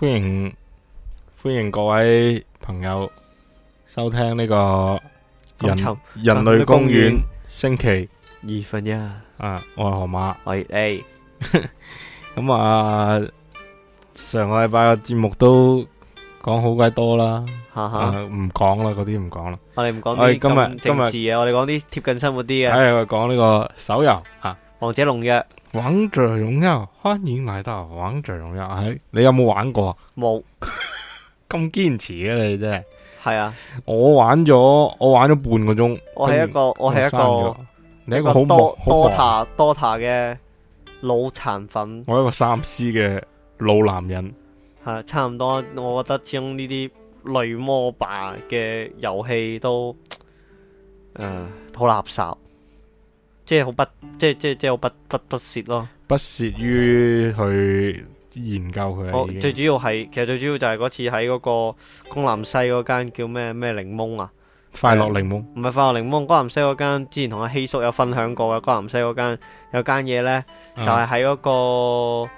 歡迎歡迎各位朋友收聽呢個人人類公園星期二分一，啊，我係河馬，我係 A，咁啊上個禮拜嘅節目都講好鬼多啦，唔講啦，嗰啲唔講啦，我哋唔講啲咁政治嘅，我哋今日，我哋講啲貼近生活啲嘅，誒，講呢個手遊吓，王者農藥。王者榮耀，歡迎嚟到王者榮耀，係、哎、你有冇玩過沒 啊？冇咁堅持嘅你真係係是啊我！我玩咗我玩咗半個鐘。我係一個我係一個你一個好多、啊、DOTA 嘅老殘粉。我一個三 C 嘅老男人。係、啊、差唔多，我覺得始終呢啲類 MOBA 嘅遊戲都誒、呃、好垃圾。即係好不，即係即係即係好不不不屑咯，不屑於去研究佢。哦，最主要係，其實最主要就係嗰次喺嗰個江南西嗰間叫咩咩檸檬啊，快樂檸檬呃，快樂檸檬。唔係快樂檸檬，江南西嗰間之前同阿希叔有分享過嘅，江南西嗰間有間嘢咧，就係喺嗰個。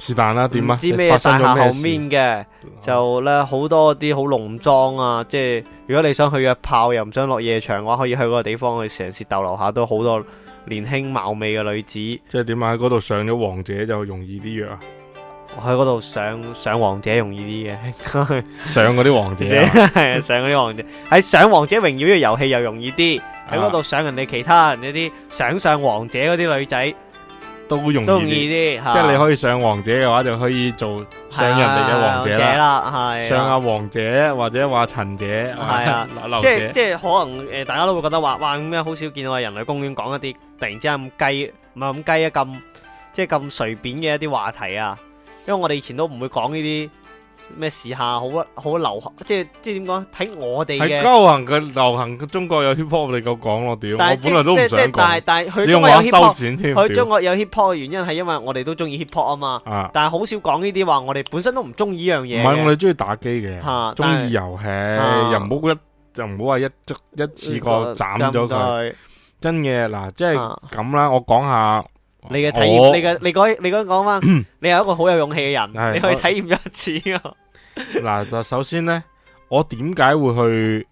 是但啦，點啊？不知唔知咩大廈後面嘅就咧，好多啲好農莊啊！即係如果你想去約炮，又唔想落夜場嘅話，可以去嗰個地方去成時逗留下，都好多年輕貌美嘅女子。即係點啊？喺嗰度上咗王者就容易啲約啊？喺嗰度上上王者容易啲嘅，上嗰啲王者，上嗰啲王者。喺上王者榮耀呢個遊戲又容易啲，喺嗰度上人哋其他人一啲想上王者嗰啲女仔。都好容易啲，即係你可以上王者嘅話，就可以做上人哋嘅王者啦，係上下王者、啊、王者或者話陳者，係啊，者者者即係即係可能誒，大家都會覺得話哇咁樣好少見到人類公園講一啲突然之間咁雞，唔係咁雞啊咁，即係咁隨便嘅一啲話題啊，因為我哋以前都唔會講呢啲。咩時下好好流行，即係即係點講？睇我哋嘅流行嘅流行嘅中國有 hip hop 嚟講咯，屌，我本來都唔想講。但係但係佢有 hip hop 佢中國有 hip hop 嘅原因係因為我哋都中意 hip hop 啊嘛。但係好少講呢啲話，我哋本身都唔中意呢樣嘢。唔係我哋中意打機嘅，中意遊戲又唔好，一又唔好話一一次過斬咗佢。真嘅嗱，即係咁啦，我講下你嘅體驗，你嘅你嗰你嗰講翻，你係一個好有勇氣嘅人，你可以體驗一次。嗱， 首先呢，我點解會去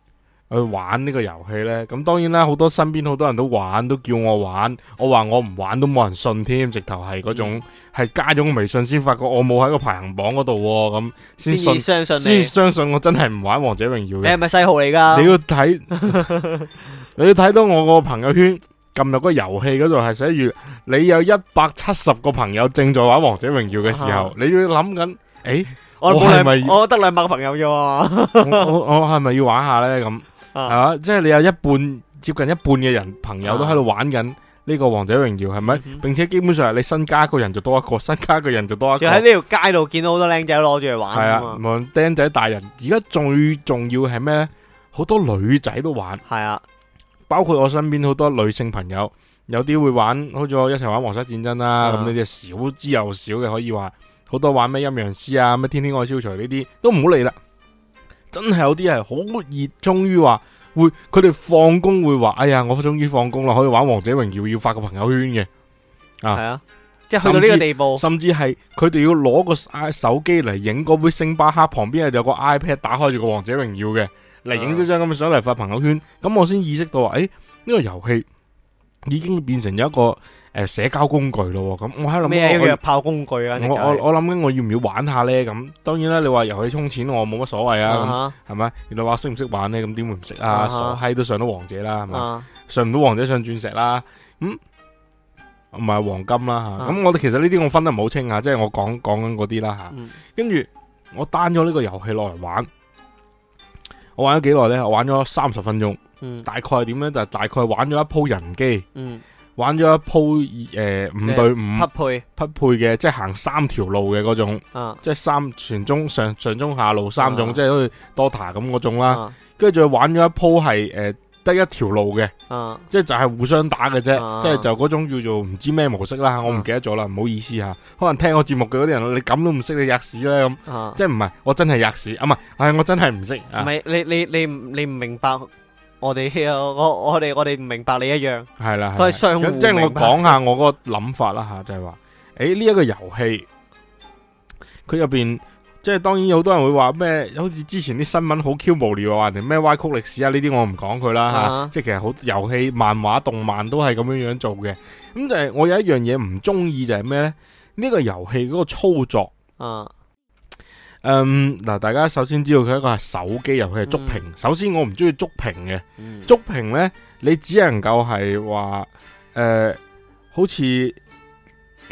去玩呢個遊戲呢？咁當然啦，好多身邊好多人都玩，都叫我玩。我話我唔玩都冇人信添，直頭係嗰種係、嗯、加咗個微信先，發覺我冇喺個排行榜嗰度，咁先信，先相，相信我真係唔玩王者榮耀。你係咪細號嚟噶？你要睇， 你要睇到我個朋友圈撳入個遊戲嗰度係寫住「你有一百七十個朋友正在玩王者榮耀」嘅時候，的你要諗緊誒。欸我得兩百個朋友啫、啊？我我係咪要玩下呢？咁係啊，即係你有一半接近一半嘅人朋友都喺度玩緊呢個王者榮耀，係咪？嗯、哼並且基本上你新加一個人就多一個，新加個人就多一個。喺呢條街度見到好多靚仔攞住嚟玩。係啊，望釘、啊、仔大人。而家最重要係咩？好多女仔都玩。係啊，包括我身邊好多女性朋友，有啲會玩，好似我一齊玩《皇室戰爭、啊》啦、啊。咁呢啲少之又少嘅，可以話。好多玩咩陰陽師啊，咩天天愛消除呢啲都唔好理啦，真係有啲係好熱衷於話，會佢哋放工會話，哎呀我終於放工啦，可以玩王者榮耀，要發個朋友圈嘅，啊係啊，即係去到呢個地步，甚至係佢哋要攞個手機嚟影嗰杯星巴克旁邊啊，有個 iPad 打開住個王者榮耀嘅，嚟影張咁嘅相嚟發朋友圈，咁、啊、我先意識到話，誒、欸、呢、這個遊戲。已經變成咗一個誒、呃、社交工具咯，咁我喺諗咩約炮工具啊？我我我諗緊我要唔要玩一下咧？咁當然啦，你話遊戲充錢，我冇乜所謂啊，係咪、uh？你、huh. 來話識唔識玩咧？咁點會唔識啊？傻閪、uh huh. 都上到王者啦，係咪？uh huh. 上唔到王者上鑽石啦，咁唔係黃金啦吓。咁、uh huh. 我哋其實呢啲我分得唔好清啊，即、就、係、是、我講講緊嗰啲啦吓。跟住、uh huh. 我單咗呢個遊戲落嚟玩，我玩咗幾耐咧？我玩咗三十分鐘。大概點樣就大概玩咗一鋪人機，玩咗一鋪誒五對五匹配匹配嘅，即係行三條路嘅嗰種，即係三全中上上中下路三種，即係好似 DOTA 咁嗰種啦。跟住仲玩咗一鋪係誒得一條路嘅，即係就係互相打嘅啫，即係就嗰種叫做唔知咩模式啦，我唔記得咗啦，唔好意思吓。可能聽我節目嘅嗰啲人，你咁都唔識你吔屎啦咁，即係唔係我真係吔屎啊？唔係，係我真係唔識。唔係你你你唔明白。我哋我我哋我哋唔明白你一樣，係啦、啊，佢係相互明白，咁即係我講下我、 欸個諗法啦吓，就係話，誒呢一個遊戲，佢入邊即係當然有好多人會話咩，好似之前啲新聞好 Q 無聊啊，話人哋咩歪曲歷史啊，呢啲我唔講佢啦吓。即、就、係、是、其實好遊戲、漫畫、動漫都係咁樣樣做嘅。咁就係我有一樣嘢唔中意就係咩咧？呢、這個遊戲嗰個操作啊。Uh huh. 嗯嗱，大家首先知道佢一個係手機遊戲係觸屏。嗯、首先我唔中意觸屏嘅，觸屏咧，你只能夠係話誒，好似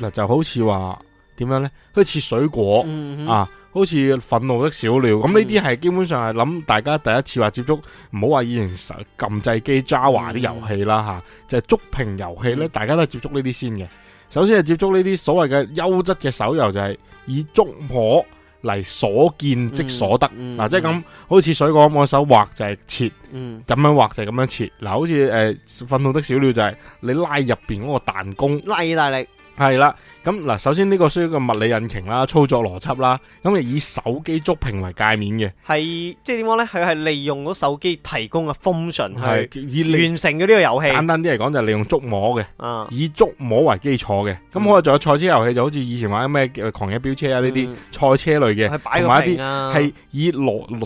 嗱就好似話點樣咧，好似水果、嗯、哼啊，好似憤怒的小鳥咁。呢啲係基本上係諗大家第一次話接觸，唔好話以前撳掣機 Java 啲遊戲啦吓、嗯啊，就係觸屏遊戲咧，嗯、大家都係接觸呢啲先嘅。首先係接觸呢啲所謂嘅優質嘅手遊，就係、是、以觸摸。嚟所見即所得，嗱即係咁，好似水果咁，我手畫就係切，嗯，咁樣畫就係咁樣切。嗱，好似誒憤怒的小鳥就係你拉入邊嗰個彈弓，拉力大力。係啦，咁嗱，首先呢個需要個物理引擎啦，操作邏輯啦，咁係以手機觸屏為界面嘅。係即係點講咧？佢係利用咗手機提供嘅 function 以完成佢呢個遊戲。簡單啲嚟講就係利用觸摸嘅，啊、以觸摸為基礎嘅，咁我哋仲有賽車遊戲，就好似以前玩咩狂野飆車啊呢啲賽車類嘅，同埋、嗯、一啲係以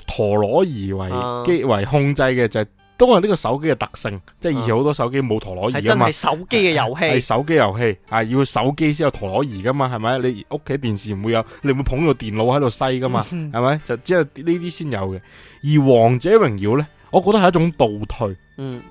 陀螺儀為基、啊、為控制嘅就係。都係呢個手機嘅特性，即係以前好多手機冇陀螺儀啊嘛，係手機嘅遊戲，係、啊、手機遊戲啊，要手機先有陀螺儀噶嘛，係咪？你屋企電視唔會有，你唔會捧住電腦喺度西噶嘛，係咪、嗯哼？就只、就是、有呢啲先有嘅。而王者榮耀呢，我覺得係一種倒退，嗯，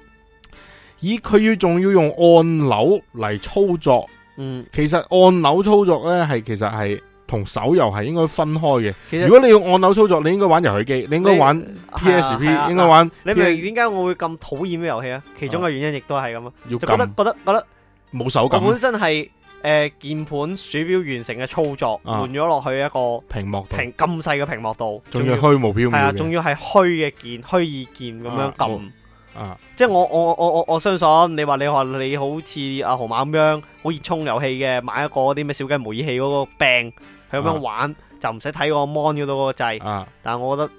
而佢要仲要用按鈕嚟操作，嗯，其實按鈕操作呢，係其實係。同手遊係應該分開嘅。如果你用按鈕操作，你應該玩遊戲機，你應該玩 PSP，應該玩。你咪點解我會咁討厭嘅遊戲啊？其中嘅原因亦都係咁咯，就覺得覺得覺得冇手感。我本身係誒鍵盤鼠標完成嘅操作，換咗落去一個屏幕屏咁細嘅屏幕度，仲要虛無縹緲，係啊，仲要係虛嘅鍵，虛擬鍵咁樣撳。啊！即係我我我我我相信你話你話你好似阿豪馬咁樣好熱衷遊戲嘅，買一個啲咩小雞模擬器嗰個病，咁、啊、樣玩就唔使睇個 mon 嗰度個掣。啊！但係我覺得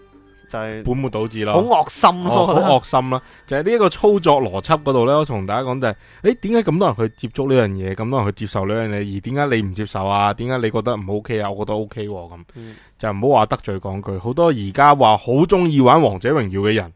就係、是、本末倒置咯，好惡心咯，好惡、哦哦、心啦！就係呢一個操作邏輯嗰度咧，我同大家講就係：誒、欸，點解咁多人去接觸呢樣嘢？咁多人去接受呢樣嘢？而點解你唔接受啊？點解你覺得唔 OK 啊？我覺得 OK 咁、啊，嗯、就唔好話得罪講句，好多而家話好中意玩王者榮耀嘅人。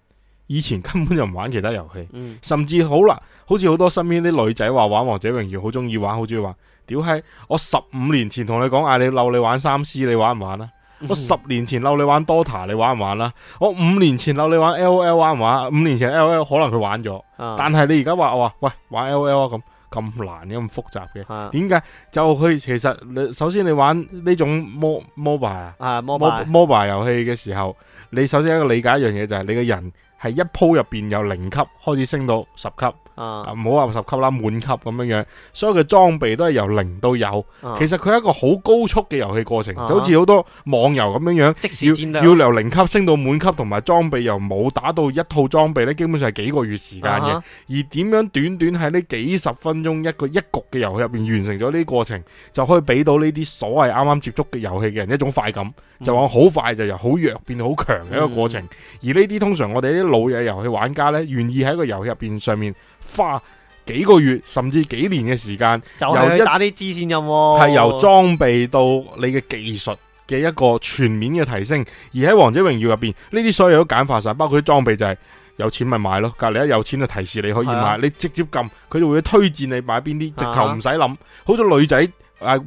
以前根本就唔玩其他遊戲，嗯、甚至好啦，好似好多身邊啲女仔話玩王者榮耀，好中意玩，好中意玩。屌，係我十五年前同你講嗌你留你玩三 C，你玩唔玩啦、嗯？我十年前留你玩 DOTA，你玩唔玩啦？我五年前留你玩 L O L，玩唔玩？五年前 L O L 可能佢玩咗，啊、但係你而家話話喂玩 L O L 咁咁難咁複雜嘅，點解、啊、就佢其實首先你玩呢種 MOBA MO 啊，MOBA 遊戲嘅時候，你首先一個理解一樣嘢就係、是、你個人。係一鋪入邊由零級開始升到十級。啊，唔好話十級啦，滿級咁樣樣，所以佢裝備都係由零到有。啊、其實佢係一個好高速嘅遊戲過程，啊、就好似好多網遊咁樣樣，即要要由零級升到滿級，同埋裝備又冇打到一套裝備呢，基本上係幾個月時間嘅。啊、而點樣短短喺呢幾十分鐘一個一局嘅遊戲入邊完成咗呢啲過程，就可以俾到呢啲所謂啱啱接觸嘅遊戲嘅人一種快感，嗯、就話好快就由好弱變到好強嘅一個過程。嗯、而呢啲通常我哋啲老嘢遊戲玩家呢，願意喺個遊戲入邊上面。花幾個月甚至幾年嘅時間，就是打哦、由打啲支線任務，係由裝備到你嘅技術嘅一個全面嘅提升。而喺《王者榮耀》入邊，呢啲所有都簡化晒，包括啲裝備就係、是、有錢咪買咯。隔籬一有錢就提示你可以買，是啊、你直接撳，佢就會推薦你買邊啲，直頭唔使諗。是啊、好似女仔誒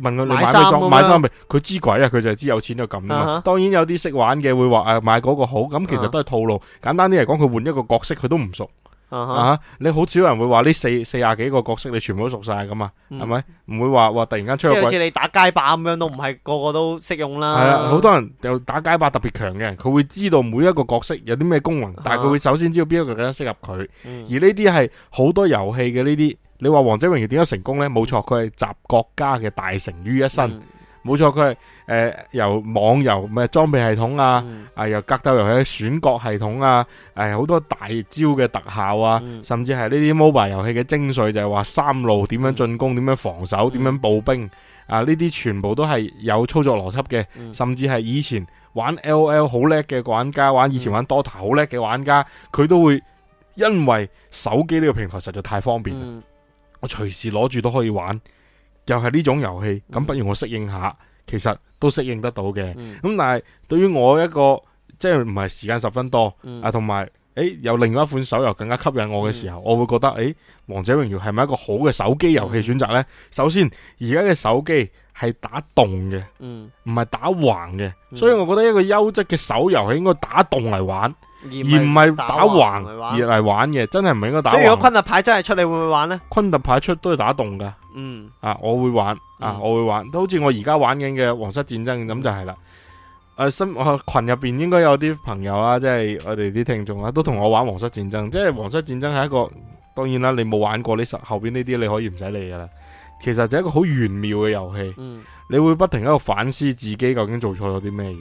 問佢你買咩裝買裝備，佢知鬼啊！佢就係知有錢就撳啦。是啊、當然有啲識玩嘅會話誒買嗰個好，咁其實都係套路。簡單啲嚟講，佢換一個角色佢都唔熟。吓、uh huh 啊！你好少人會話呢四四廿幾個角色你全部都熟晒㗎嘛，係咪唔會話話突然間出？好似你打街霸咁樣都唔係個個都識用啦。係啊，好多人又打街霸特別強嘅，人，佢會知道每一個角色有啲咩功能，啊、但係佢會首先知道邊一個更加適合佢。嗯、而呢啲係好多遊戲嘅呢啲。你話王者榮耀點樣成功呢？冇錯，佢係集各家嘅大成於一身。嗯冇錯，佢係誒由網遊咩裝備系統啊，嗯、啊由格鬥遊戲嘅選角系統啊，誒、啊、好多大招嘅特效啊，嗯、甚至係呢啲 MOBA 遊戲嘅精髓，就係話三路點樣進攻，點、嗯、樣防守，點、嗯、樣步兵啊，呢啲全部都係有操作邏輯嘅，嗯、甚至係以前玩 LOL 好叻嘅玩家，玩以前玩 DOTA 好叻嘅玩家，佢都會因為手機呢個平台實在太方便，嗯、我隨時攞住都可以玩。又係呢種遊戲，咁不如我適應一下，嗯、其實都適應得到嘅。咁、嗯、但係對於我一個即係唔係時間十分多、嗯、啊，同埋誒有、欸、另外一款手遊更加吸引我嘅時候，嗯、我會覺得誒、欸《王者榮耀》係咪一個好嘅手機遊戲選擇呢？嗯、首先而家嘅手機係打動嘅，唔係、嗯、打橫嘅，所以我覺得一個優質嘅手遊係應該打動嚟玩。而唔係打橫，而係玩嘅，真係唔係應該打橫。即係如果昆特牌真係出，你會唔會玩呢？昆特牌出都係打洞噶。嗯，啊，我會玩，嗯、啊，我會玩，都好似我而家玩緊嘅皇室戰爭咁就係啦。誒、呃，新群入邊應該有啲朋友啊，即係我哋啲聽眾啊，都同我玩皇室戰爭。即係皇室戰爭係一個，當然啦，你冇玩過呢十後邊呢啲，你可以唔使理噶啦。其實就係一個好玄妙嘅遊戲，嗯、你會不停喺度反思自己究竟做錯咗啲咩嘢。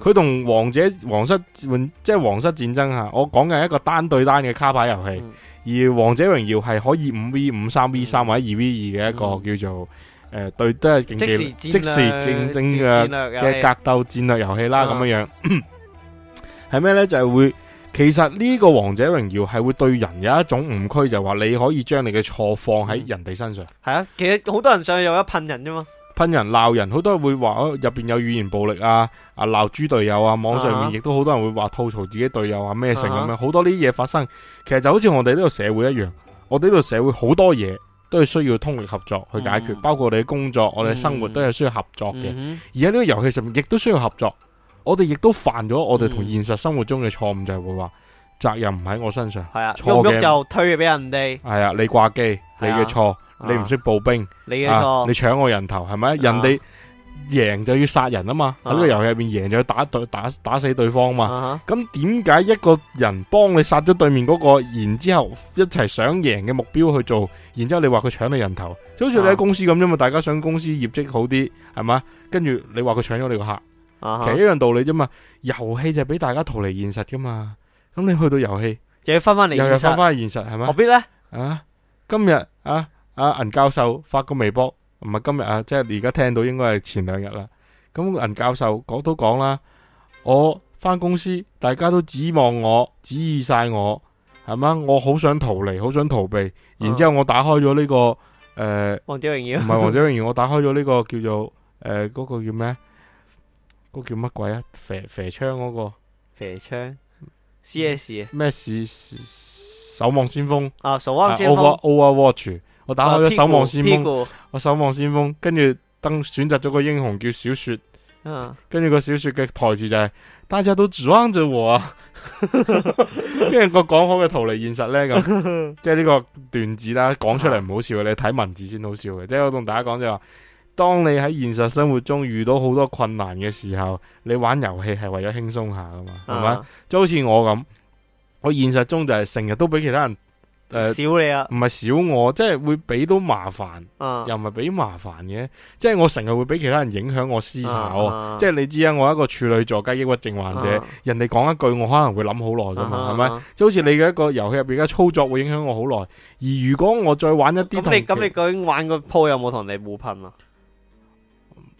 佢同、嗯、王者王室即係皇室戰爭吓，我講嘅係一個單對單嘅卡牌遊戲，嗯、而王者榮耀係可以五 v 五、嗯、三 v 三或者二 v 二嘅一個叫做誒、嗯呃、對都係即時戰即時戰爭嘅嘅格鬥戰略遊戲啦咁樣樣。係咩咧？就係、是、會，其實呢個王者榮耀係會對人有一種誤區，就係、是、話你可以將你嘅錯放喺人哋身上。係、嗯、啊，其實好多人上去有一噴人啫嘛。噴人、鬧人，好多人會話，入邊有語言暴力啊！啊，鬧豬隊友啊！網上面亦都好多人會話吐槽自己隊友啊咩成咁樣，好、uh huh. 多呢啲嘢發生，其實就好似我哋呢個社會一樣，我哋呢個社會好多嘢都係需要通力合作去解決，mm hmm. 包括我哋嘅工作、我哋嘅生活都係需要合作嘅，mm hmm. 而喺呢個遊戲上面亦都需要合作，我哋亦都犯咗我哋同現實生活中嘅錯誤，就係、是、會話。責任唔喺我身上，係啊，錯就推嘅俾人哋。係啊，你掛機，你嘅錯，你唔識步兵，你嘅錯，你搶我人頭係咪？人哋贏就要殺人啊嘛，喺個遊戲入邊贏就要打對打打死對方嘛。咁點解一個人幫你殺咗對面嗰個，然之後一齊想贏嘅目標去做，然之後你話佢搶你人頭，就好似你喺公司咁啫嘛。大家想公司業績好啲係咪？跟住你話佢搶咗你個客，其實一樣道理啫嘛。遊戲就係俾大家逃離現實噶嘛。咁你去到遊戲，又要翻翻嚟，又要翻翻去現實係咪？何必呢？啊，今日啊，阿、啊、銀教授發個微博，唔係今日啊，即係而家聽到應該係前兩日啦。咁銀教授講都講啦，我翻公司，大家都指望我，指意晒我，係嘛？我好想逃離，好想逃避，啊、然之後我打開咗呢、這個誒，呃、王者榮耀唔係王者榮耀， 我打開咗呢、這個呃那個叫做誒，嗰、那個叫咩？嗰叫乜鬼啊？肥肥槍嗰、那個肥槍。C.S. 咩事？守望先鋒啊，守望先鋒。Overwatch，我打開咗守望先鋒，我守望先鋒，跟住登選擇咗個英雄叫小雪。跟住個小雪嘅台詞就係：大家都指望着我。即係個講好嘅逃離現實咧，咁即係呢個段子啦。講出嚟唔好笑，你睇文字先好笑嘅。即係我同大家講就話。當你喺現實生活中遇到好多困難嘅時候，你玩遊戲係為咗輕鬆下噶嘛，係嘛，啊？即好似我咁，我現實中就係成日都俾其他人誒、呃、少你啊，唔係少我，即係會俾到麻煩，啊，又唔係俾麻煩嘅，即係我成日會俾其他人影響我思考。啊啊，即係你知啊，我一個處女座加抑鬱症患者，啊、人哋講一句，我可能會諗好耐噶嘛，係咪，啊？即好似你嘅一個遊戲入邊嘅操作會影響我好耐，而如果我再玩一啲，咁你，你究竟玩個鋪有冇同你互噴啊？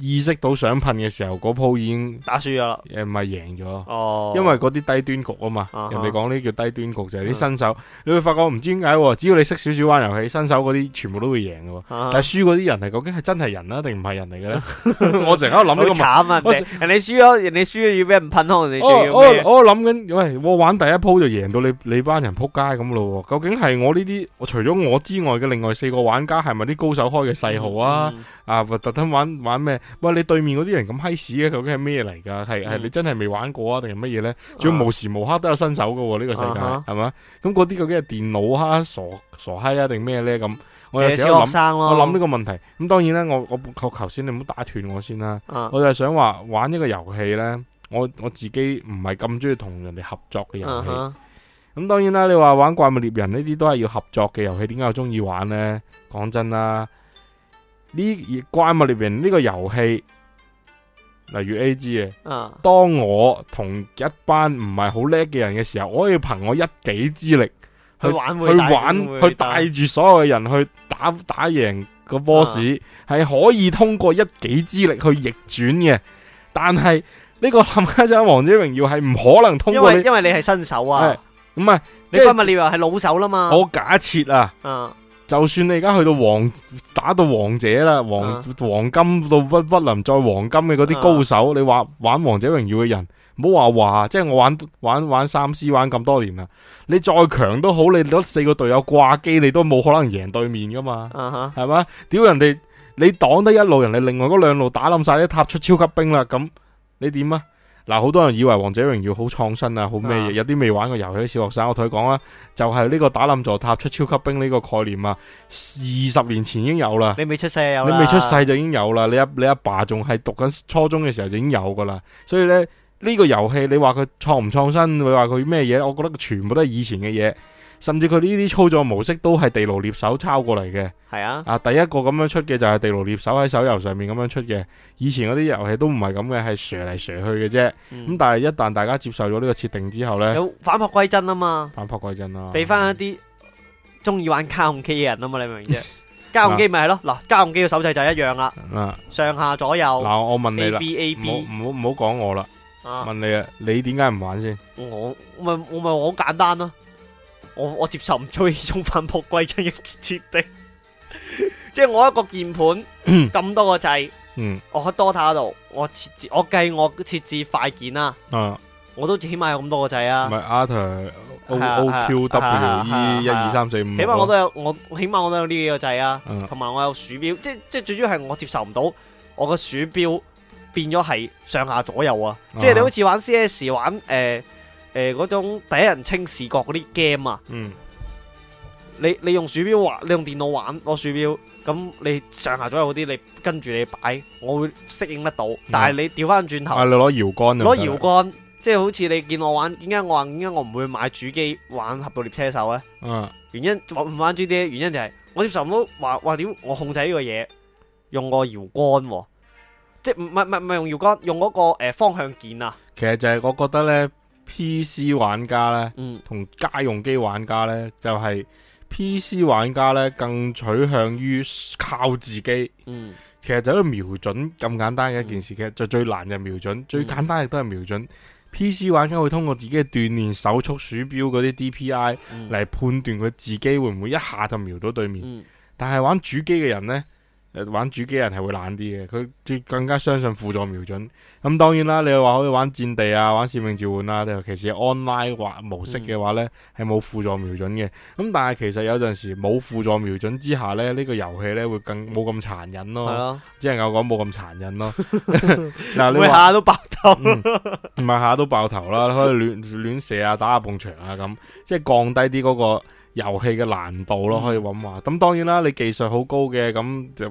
意識到想噴嘅時候，嗰鋪已經打輸咗啦。誒，唔係贏咗，因為嗰啲低端局啊嘛。人哋講呢叫低端局，就係啲新手。你會發覺唔知點解，只要你識少少玩遊戲，新手嗰啲全部都會贏嘅。但係輸嗰啲人係究竟係真係人啊，定唔係人嚟嘅咧？我成日諗呢個慘啊！人哋輸咗，人哋輸要俾人噴空你。哦哦，我諗緊，喂，我玩第一鋪就贏到你，你班人撲街咁咯。究竟係我呢啲，除咗我之外嘅另外四個玩家，係咪啲高手開嘅細號啊？啊，或特登玩玩咩？喂，你對面嗰啲人咁嗨屎嘅，究竟係咩嚟噶？係係你真係未玩過啊？定係乜嘢咧？仲要無時無刻都有新手噶？呢、這個世界係嘛？咁嗰啲究竟係電腦哈傻傻嗨啊？定咩咧？咁、啊、我有時諗，我諗呢個問題。咁當然啦，我我,我求先你唔好打斷我先啦。Uh huh. 我就係想話玩一個遊戲咧，我我自己唔係咁中意同人哋合作嘅遊戲。咁、uh huh. 當然啦，你話玩怪物獵人呢啲都係要合作嘅遊戲，點解我中意玩咧？講真啦。呢《怪物獵人》呢個遊戲，例如 A. G. 嘅、啊，當我同一班唔係好叻嘅人嘅時候，我可以憑我一己之力去去玩，去玩，帶去帶住所有嘅人去打打贏個 boss，係、啊、可以通過一己之力去逆轉嘅。但係呢個冚家鏟《王者榮耀》係唔可能通過因，因為你係新手啊，唔係《怪、就是、物獵人》係老手啦、啊、嘛。我假設啊。啊就算你而家去到王打到王者啦，黃黃、uh huh. 金到屈屈林，再黃金嘅嗰啲高手，uh huh. 你話玩王者榮耀嘅人，唔好話話，即係我玩玩玩三 C 玩咁多年啦，你再強都好，你四個隊友掛機，你都冇可能贏對面噶嘛，係嘛、uh？屌、huh. 人哋你擋得一路，人哋另外嗰兩路打冧晒，一、那、塔、個、出超級兵啦，咁你點啊？嗱，好多人以為王者榮耀好創新啊，好咩嘢？有啲未玩過遊戲嘅小學生，我同佢講啊，就係、是、呢個打冧座塔出超級兵呢個概念啊，二十年前已經有啦。你未出世有，你未出世就已經有啦。你阿你阿爸仲係讀緊初中嘅時候就已經有噶啦。所以咧呢、這個遊戲，你話佢創唔創新？你話佢咩嘢，我覺得全部都係以前嘅嘢。甚至佢呢啲操作模式都係地牢獵手抄過嚟嘅，係啊，啊第一個咁樣出嘅就係地牢獵手喺手遊上面咁樣出嘅，以前嗰啲遊戲都唔係咁嘅，係射嚟射去嘅啫。咁但係一旦大家接受咗呢個設定之後咧，有返璞歸真啊嘛，返璞歸真啦，俾翻一啲中意玩家用機嘅人啊嘛，你明唔明啫？家用機咪係咯，嗱，家用機嘅手掣就係一樣啦，上下左右，嗱，我問你啦，唔好唔好講我啦，問你啊，你點解唔玩先？我咪我咪好簡單咯。我我接受唔到呢種反璞歸真嘅設定，即係我一個鍵盤咁多個掣、嗯，我喺 Dota 度我設置我計我設置快鍵啦、啊，啊、我都起碼有咁多個掣啊,啊。唔係 R、T、啊、O W、E 啊、Q、啊、W、啊、E 一二三四五，起碼我都有我,我起碼我都有呢幾個掣啊，同埋是、啊、我有鼠標，即即係最主要係我接受唔到我個鼠標變咗係上下左右啊，即係、啊、你好似玩 CS 玩誒。呃誒，嗰、呃、種第一人稱視覺嗰啲 game 啊，嗯你，你你用鼠標玩，你用電腦玩我鼠標，咁你上下左右嗰啲，你跟住你擺，我會適應得到。但係你調翻轉頭，你攞搖杆，攞搖杆，即係好似你見我玩，點解我點解我唔會買主機玩《俠盜獵車手》呢咧、嗯？原因唔唔玩 G T A，原因就係、是、我接受唔到，話話點我控制呢個嘢用個搖杆，即係唔係用搖杆，用嗰、那個誒、呃、方向鍵啊。其實就係我覺得咧。PC 玩家咧，同、嗯、家用機玩家咧，就係、是、PC 玩家咧，更取向於靠自己。嗯、其實就喺度瞄準咁簡單嘅一件事，其實、嗯、就最難就瞄準，嗯、最簡單亦都係瞄準。嗯、PC 玩家會通過自己嘅鍛煉手速鼠標嗰啲 DPI 嚟判斷佢自己會唔會一下就瞄到對面。嗯、但係玩主機嘅人咧。玩主機人係會懶啲嘅，佢更加相信輔助瞄準。咁當然啦，你話可以玩戰地啊，玩使命召喚啊，尤其是 online 玩模式嘅話呢，係冇輔助瞄準嘅。咁但係其實有陣時冇輔助瞄準之下呢，這個、遊戲呢個遊戲呢會更冇咁殘忍咯。是啊、即係我講冇咁殘忍咯，咪 說下都爆頭，唔係、嗯、下都爆頭啦！可以亂亂射啊，打下崩牆啊，咁即係降低啲、那、嗰個。遊戲嘅難度咯，可以搵話。咁、嗯、當然啦，你技術好高嘅，咁就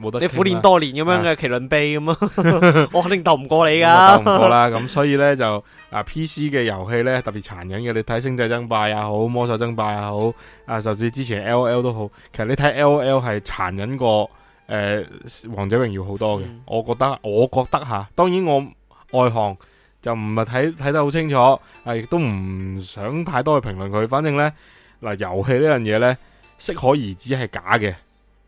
冇得。你苦練多年咁樣嘅麒、啊、麟臂，咁咯， 我肯定鬥唔過你噶。鬥唔過啦。咁 所以呢，就啊，P C 嘅遊戲呢，特別殘忍嘅。你睇，星際爭霸也好，魔獸爭霸也好，啊，甚至之前 L O L 都好。其實你睇 L O L 係殘忍過誒、呃，王者榮耀好多嘅。嗯、我覺得，我覺得吓，當然我外行就唔係睇睇得好清楚，係、啊、亦都唔想太多去評論佢。反正呢。嗱，遊戲呢樣嘢呢，適可兒子係假嘅，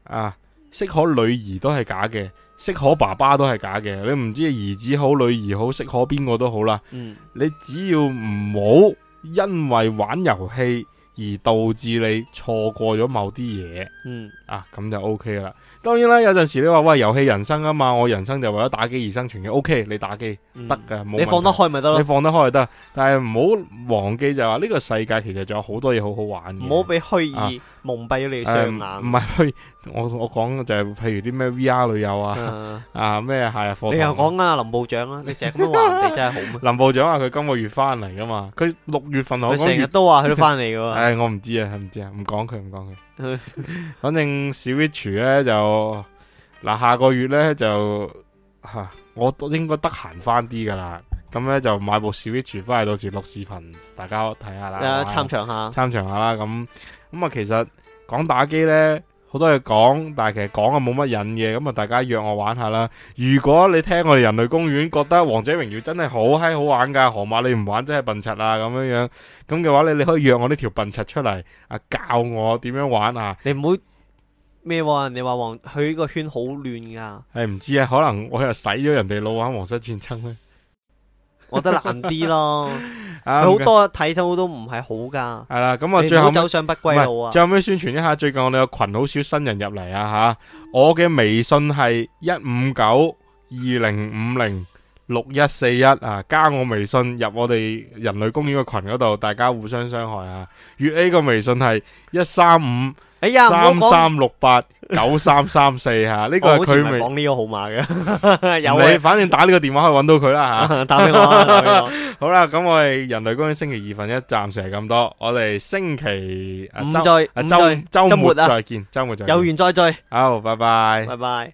啊，適可女兒都係假嘅，適可爸爸都係假嘅，你唔知兒子好、女兒好、適可邊個都好啦，嗯，你只要唔好因為玩遊戲。而導致你錯過咗某啲嘢，嗯啊咁就 OK 啦。當然啦，有陣時你話喂遊戲人生啊嘛，我人生就為咗打機而生存嘅，OK，你打機得噶，冇、嗯、你放得開咪得咯，你放得開就得，但係唔好忘記就係話呢個世界其實仲有好多嘢好好玩，唔好俾虛擬蒙蔽咗你雙眼，唔係、啊呃、虛。我我講就係譬如啲咩 V R 女友啊，啊咩係啊，啊啊你又講啊林部長啊， 你成日咁樣話你真係好。 林部長話佢今個月翻嚟噶嘛，佢六月份我成日都話佢翻嚟噶。唉，我唔知,知 啊，唔知啊，唔講佢唔講佢。反正 Switch 咧就嗱下個月咧就吓、啊，我都應該得閒翻啲噶啦。咁咧就買部 Switch 翻嚟，到時錄視頻大家睇下啦，參詳下參詳下啦。咁咁啊，其實講打機咧。好多嘢講，但係其實講又冇乜癮嘅，咁啊大家約我玩一下啦。如果你聽我哋人類公園覺得王榮《王者榮耀》真係好嗨好玩噶，河馬你唔玩真係笨柒啊咁樣樣。咁嘅話你你可以約我呢條笨柒出嚟啊，教我點樣玩啊？你唔好咩話？人哋話王佢個圈好亂噶？係唔、欸、知啊？可能我又使咗人哋腦玩《皇室戰爭》咧。 我覺得難啲咯，啊，好多睇到都唔係好噶。係啦，咁啊最後走上不歸路啊！最後屘宣傳一下， 最近我哋個群好少新人入嚟啊吓，我嘅微信係一五九二零五零六一四一啊，加我微信入我哋人類公園嘅群嗰度，大家互相傷害啊！粵 A 個微信係一三五。哎呀，三三六八九三三四吓，呢個係佢講呢個號碼嘅。有反正打呢個電話可以搵到佢啦吓。打畀我，好啦，咁我哋人類公園星期二分一暫時係咁多，我哋星期五再，周末再見，周末再見，有緣再聚。好，拜拜，拜拜。